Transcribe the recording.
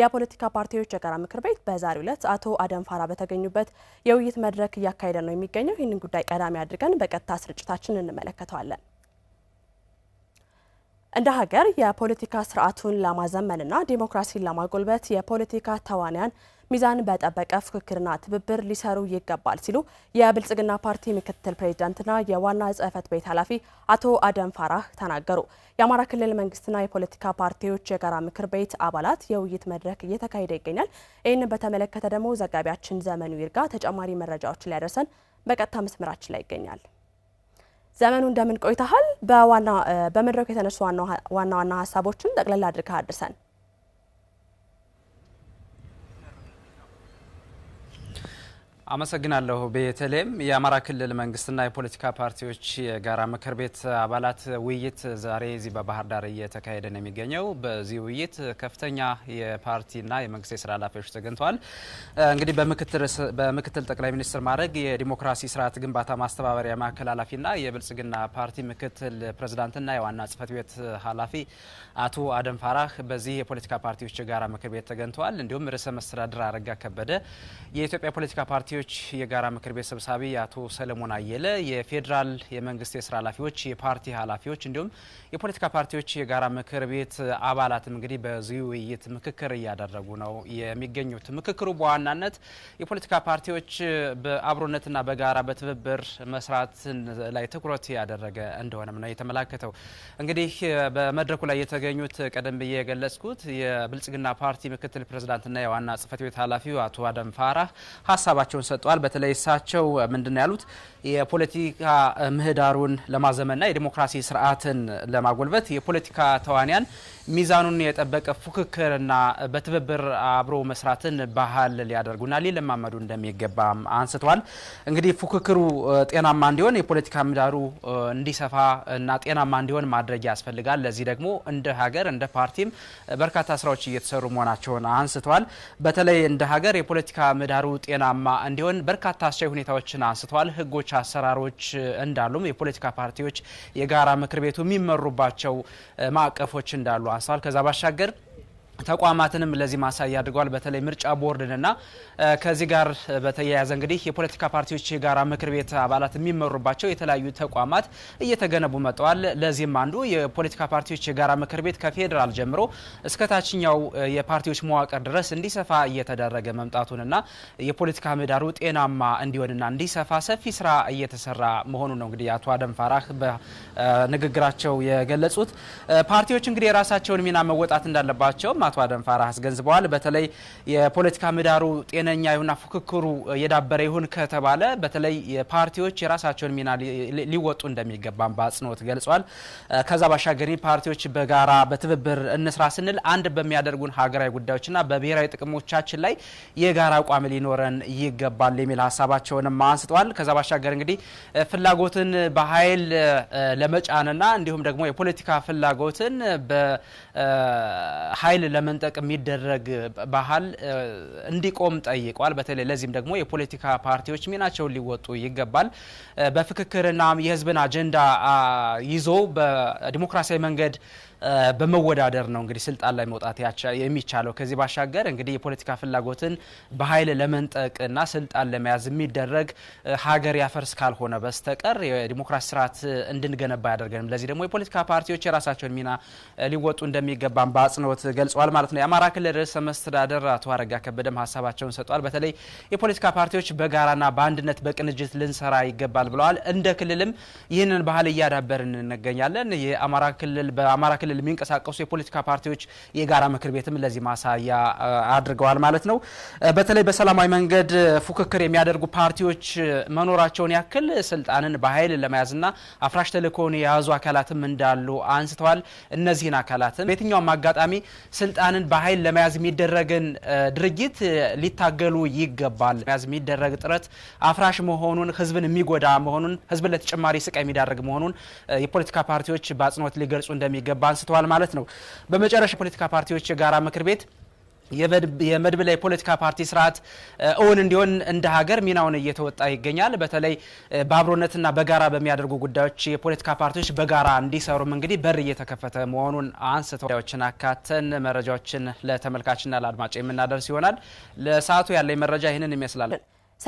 የፖለቲካ ፓርቲዎች የጋራ ምክር ቤት በዛሬው ዕለት አቶ አደም ፋራ በተገኙበት የውይይት መድረክ እያካሄደ ነው የሚገኘው። ይህንን ጉዳይ ቀዳሚ አድርገን በቀጥታ ስርጭታችን እንመለከተዋለን። እንደ ሀገር የፖለቲካ ስርዓቱን ለማዘመንና ዲሞክራሲን ለማጎልበት የፖለቲካ ተዋንያን ሚዛን በጠበቀ ፍክክርና ትብብር ሊሰሩ ይገባል ሲሉ የብልጽግና ፓርቲ ምክትል ፕሬዚዳንትና የዋና ጽህፈት ቤት ኃላፊ አቶ አደም ፋራህ ተናገሩ። የአማራ ክልል መንግስትና የፖለቲካ ፓርቲዎች የጋራ ምክር ቤት አባላት የውይይት መድረክ እየተካሄደ ይገኛል። ይህንን በተመለከተ ደግሞ ዘጋቢያችን ዘመኑ ይርጋ ተጨማሪ መረጃዎች ሊያደርሰን በቀጥታ መስመራችን ላይ ይገኛል። ዘመኑ እንደምን ቆይተሃል? በዋና በመድረኩ የተነሱ ዋና ዋና ሀሳቦችን ጠቅላላ አድርገህ አድርሰን አመሰግናለሁ። በተለይም የአማራ ክልል መንግስትና የፖለቲካ ፓርቲዎች የጋራ ምክር ቤት አባላት ውይይት ዛሬ እዚህ በባህር ዳር እየተካሄደ ነው የሚገኘው። በዚህ ውይይት ከፍተኛ የፓርቲና የመንግስት የስራ ኃላፊዎች ተገኝተዋል። እንግዲህ በምክትል ጠቅላይ ሚኒስትር ማድረግ የዲሞክራሲ ስርዓት ግንባታ ማስተባበሪያ ማዕከል ኃላፊና የብልጽግና ፓርቲ ምክትል ፕሬዚዳንትና የዋና ጽህፈት ቤት ኃላፊ አቶ አደም ፋራህ በዚህ የፖለቲካ ፓርቲዎች የጋራ ምክር ቤት ተገኝተዋል። እንዲሁም ርዕሰ መስተዳድር አረጋ ከበደ የኢትዮጵያ ፖለቲካ ፓርቲ ፓርቲዎች የጋራ ምክር ቤት ሰብሳቢ አቶ ሰለሞን አየለ የፌዴራል የመንግስት የስራ ኃላፊዎች፣ የፓርቲ ኃላፊዎች እንዲሁም የፖለቲካ ፓርቲዎች የጋራ ምክር ቤት አባላትም እንግዲህ በዚህ ውይይት ምክክር እያደረጉ ነው የሚገኙት። ምክክሩ በዋናነት የፖለቲካ ፓርቲዎች በአብሮነትና በጋራ በትብብር መስራት ላይ ትኩረት ያደረገ እንደሆነም ነው የተመላከተው። እንግዲህ በመድረኩ ላይ የተገኙት ቀደም ብዬ የገለጽኩት የብልጽግና ፓርቲ ምክትል ፕሬዝዳንትና የዋና ጽህፈት ቤት ኃላፊው አቶ አደም ፋራህ ሀሳባቸውን ሀሳብ ሰጥተዋል። በተለይ እሳቸው ምንድን ያሉት የፖለቲካ ምህዳሩን ለማዘመንና የዲሞክራሲ ስርዓትን ለማጎልበት የፖለቲካ ተዋንያን ሚዛኑን የጠበቀ ፉክክርና በትብብር አብሮ መስራትን ባህል ሊያደርጉና ሊለማመዱ እንደሚገባም አንስተዋል። እንግዲህ ፉክክሩ ጤናማ እንዲሆን የፖለቲካ ምህዳሩ እንዲሰፋ እና ጤናማ እንዲሆን ማድረግ ያስፈልጋል። ለዚህ ደግሞ እንደ ሀገር እንደ ፓርቲም በርካታ ስራዎች እየተሰሩ መሆናቸውን አንስተዋል። በተለይ እንደ ሀገር የፖለቲካ ምህዳሩ ጤናማ እንዲሆን በርካታ አስቻይ ሁኔታዎችን አንስተዋል። ህጎች፣ አሰራሮች እንዳሉም የፖለቲካ ፓርቲዎች የጋራ ምክር ቤቱ የሚመሩባቸው ማዕቀፎች እንዳሉ አንስተዋል። ከዛ ባሻገር ተቋማትንም ለዚህ ማሳያ አድርገዋል። በተለይ ምርጫ ቦርድንና ከዚህ ጋር በተያያዘ እንግዲህ የፖለቲካ ፓርቲዎች የጋራ ምክር ቤት አባላት የሚመሩባቸው የተለያዩ ተቋማት እየተገነቡ መጥተዋል። ለዚህም አንዱ የፖለቲካ ፓርቲዎች የጋራ ምክር ቤት ከፌዴራል ጀምሮ እስከ ታችኛው የፓርቲዎች መዋቅር ድረስ እንዲሰፋ እየተደረገ መምጣቱንና የፖለቲካ ምህዳሩ ጤናማ እንዲሆንና እንዲሰፋ ሰፊ ስራ እየተሰራ መሆኑ ነው እንግዲህ አቶ አደም ፋራህ በንግግራቸው የገለጹት። ፓርቲዎች እንግዲህ የራሳቸውን ሚና መወጣት እንዳለባቸው አቶ አደንፋራ አስገንዝበዋል። በተለይ የፖለቲካ ምህዳሩ ጤነኛ ይሁንና ፉክክሩ የዳበረ ይሁን ከተባለ በተለይ ፓርቲዎች የራሳቸውን ሚና ሊወጡ እንደሚገባም በአጽንኦት ገልጸዋል። ከዛ ባሻገር ፓርቲዎች በጋራ በትብብር እንስራ ስንል አንድ በሚያደርጉን ሀገራዊ ጉዳዮችና በብሔራዊ ጥቅሞቻችን ላይ የጋራ አቋም ሊኖረን ይገባል የሚል ሀሳባቸውንም አንስተዋል። ከዛ ባሻገር እንግዲህ ፍላጎትን በኃይል ለመጫንና እንዲሁም ደግሞ የፖለቲካ ፍላጎትን በኃይል ለመንጠቅ የሚደረግ ባህል እንዲቆም ጠይቋል። በተለይ ለዚህም ደግሞ የፖለቲካ ፓርቲዎች ሚናቸውን ሊወጡ ይገባል። በፍክክርና የህዝብን አጀንዳ ይዞ በዲሞክራሲያዊ መንገድ በመወዳደር ነው እንግዲህ ስልጣን ላይ መውጣት የሚቻለው። ከዚህ ባሻገር እንግዲህ የፖለቲካ ፍላጎትን በኃይል ለመንጠቅና ስልጣን ለመያዝ የሚደረግ ሀገር ያፈርስ ካልሆነ በስተቀር የዲሞክራሲ ስርዓት እንድንገነባ አያደርገንም። ለዚህ ደግሞ የፖለቲካ ፓርቲዎች የራሳቸውን ሚና ሊወጡ እንደሚገባም በአጽንኦት ገልጸዋል ማለት ነው። የአማራ ክልል ርዕሰ መስተዳደር አቶ አረጋ ከበደም ሀሳባቸውን ሰጥተዋል። በተለይ የፖለቲካ ፓርቲዎች በጋራና በአንድነት በቅንጅት ልንሰራ ይገባል ብለዋል። እንደ ክልልም ይህንን ባህል እያዳበርን እንገኛለን። የአማራ ክልል በአማራ ክልል ክልል የሚንቀሳቀሱ የፖለቲካ ፓርቲዎች የጋራ ምክር ቤትም ለዚህ ማሳያ አድርገዋል ማለት ነው። በተለይ በሰላማዊ መንገድ ፉክክር የሚያደርጉ ፓርቲዎች መኖራቸውን ያክል ስልጣንን በኃይል ለመያዝና አፍራሽ ተልእኮውን የያዙ አካላትም እንዳሉ አንስተዋል። እነዚህን አካላትም በየትኛውም አጋጣሚ ስልጣንን በኃይል ለመያዝ የሚደረግን ድርጊት ሊታገሉ ይገባል። መያዝ የሚደረግ ጥረት አፍራሽ መሆኑን ህዝብን የሚጎዳ መሆኑን ህዝብን ለተጨማሪ ስቃይ የሚዳርግ መሆኑን የፖለቲካ ፓርቲዎች በአጽንኦት ሊገልጹ እንደሚገባ አንስተዋል ማለት ነው። በመጨረሻ የፖለቲካ ፓርቲዎች የጋራ ምክር ቤት የመድብለ የፖለቲካ ፓርቲ ስርዓት እውን እንዲሆን እንደ ሀገር ሚናውን እየተወጣ ይገኛል። በተለይ በአብሮነትና በጋራ በሚያደርጉ ጉዳዮች የፖለቲካ ፓርቲዎች በጋራ እንዲሰሩም እንግዲህ በር እየተከፈተ መሆኑን አንስተው ጉዳዮችን አካተን መረጃዎችን ለተመልካችና ለአድማጭ የምናደርስ ይሆናል። ለሰዓቱ ያለኝ መረጃ ይህንን ይመስላል።